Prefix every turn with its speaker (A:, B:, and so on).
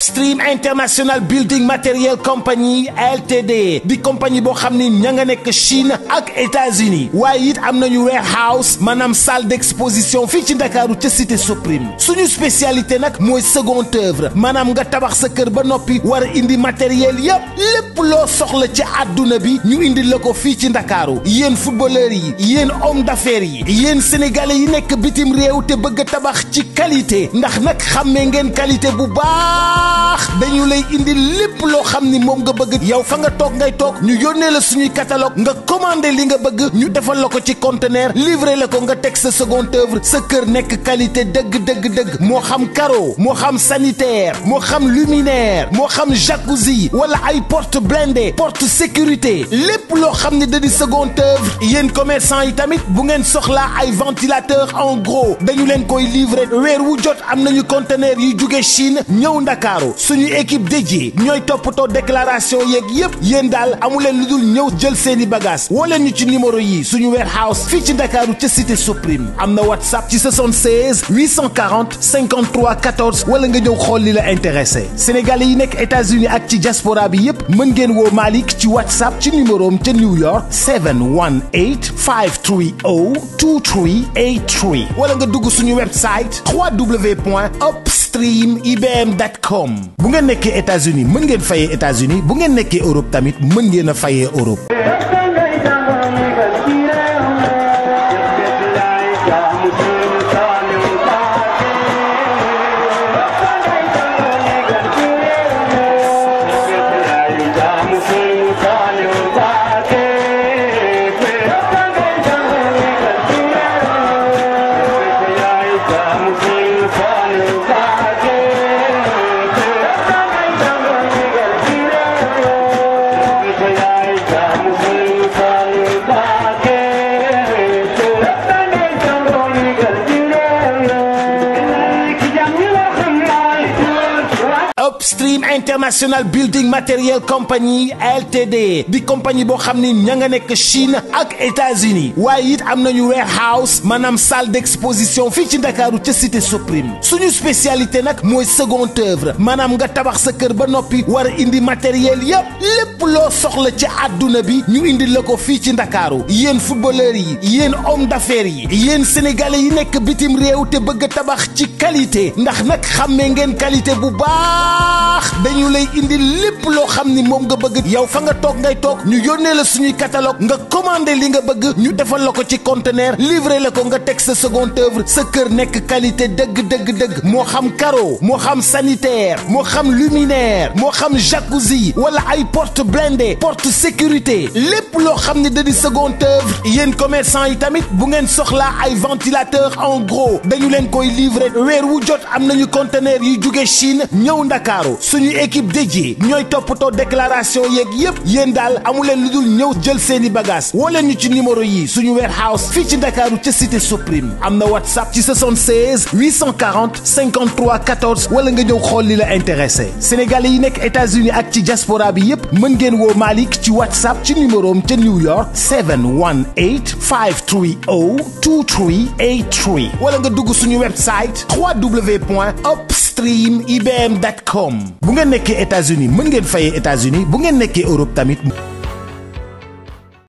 A: Stream International Building Material Company LTD di compagnie boo xam ni ña nga nekk Chine ak États-Unis waaye it am nañu warehouse maanaam salle d'exposition fii ci Ndakaaru ca cité Suprême suñu spécialité nag mooy seconde œuvre maanaam nga tabax sa kër ba noppi war a indi matériel yépp lépp loo soxla ci àdduna bi ñu indi la ko fii ci Ndakaaru yéen footballeurs yi yéen homme d'affaires yi yéen sénégalais yi nekk bitim réew te bëgg tabax ci qualité ndax nag xàmmee ngeen qualité bu baax dañu lay indi lépp loo xam ni moom nga bëgg yow fa nga toog ngay toog ñu yónnee la suñuy catalogue nga commander li nga bëgg ñu defal la ko ci conteneur livrer la ko nga teg sa seconde œuvre sa kër nekk qualité dëgg dëgg dëgg moo xam carreau moo xam sanitaire moo xam luminaire moo xam jacuzzi wala ay porte blindée porte sécurité lépp loo xam de da di seconde œuvre yéen commerçant yi tamit bu ngeen soxlaa ay ventilateur en gros dañu leen koy livrer weer wu jot am nañu conteneur yi jóge Chine ñëw Ndakaaru suñu équipe de dédiée ñooy toppatoo déclaration yeeg yépp yéen daal amuleen lu dul ñëw jël seeni bagage woo leen ñu ci numéro yi suñu warehouse fii ci Ndakaaru ca cité Supreme am na whatsapp ci 76 840 53 14 wala nga ñëw xool li la intéressé sénégal yi nekk États-Unis ak ci diaspora bi yépp mën ngeen woo Malick ci whatsapp ci numéro am ca New York 718 530 2383 wala nga dugg suñu website www.ups extremeibm.com bu ngeen nekkee États-Unis mën ngeen fayee états bu ngeen nekkee Europe tamit mën a fayee Europe International Building Material Company LTD di compagnie bo xamni ñanga nek Chine ak États-Unis waye it amna ñu warehouse manam salle d'exposition fi ci Dakar ci cité Supreme suñu spécialité nak moy seconde œuvre Manam nga tabax sa kër ba nopi war indi matériel yëpp lépp lo soxla ci aduna bi ñu indi la fi ci Dakar yéen footballeur yi yéen homme d'affaires yi yéen sénégalais yi nek bitim réew te bëgg tabax ci qualité ndax nak xamé ngeen qualité bu baax dañu lay indi lépp loo xam ni moom nga bëgg yow fa nga toog ngay toog ñu yónnee la suñuy catalogue nga commandé li nga bëgg ñu defal la ko ci conteneur livré la ko nga teg sa seconde œuvre sa kër nekk qualité dëgg dëgg dëgg moo xam carreau moo xam sanitaire moo xam luminaire moo xam jacuzzi wala ay porte blindée porte sécurité lépp loo xam ni da di seconde œuvre yéen commerçant yi tamit bu ngeen soxlaa ay ventilateur en gros dañu leen koy livré weer wu jot am nañu conteneur yi jóge Chine ñëw Ndakaaru suñu équipe dédiée top une déclaration déclaration yépp yeen dal jël seeni bagage ci numéro yi suñu warehouse ci Dakar cité amna whatsapp ci 76 840 53 14 wala nga ñew xol li la intéressé sénégalais yi États-Unis ak ci diaspora bi mën ngeen whatsapp ci numéro New York 718 530 2383 wala nga dugg suñu website www.ops stream ibm.com bu ngeen nekkee états mën ngeen fayee états bu ngeen nekkee Europe tamit